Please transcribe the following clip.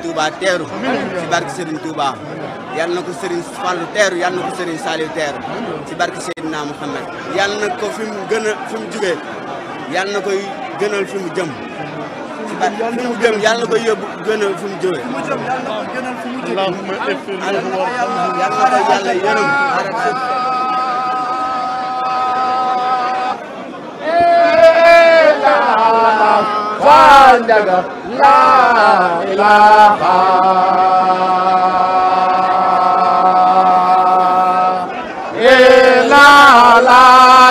Touba teeru ci barke Serigne Touba yal na ko Serigne Fallou teeru yal na ko Serigne Saliou teeru ci barke Seydina yal na ko fi mu gën a fi mu jugee yal na ko gënal fi mu jëm fi yal na koy yóbbu gënal fi mu jógee allahumma yal na koy yàlla yërëm njaga laa ilaaha illa laa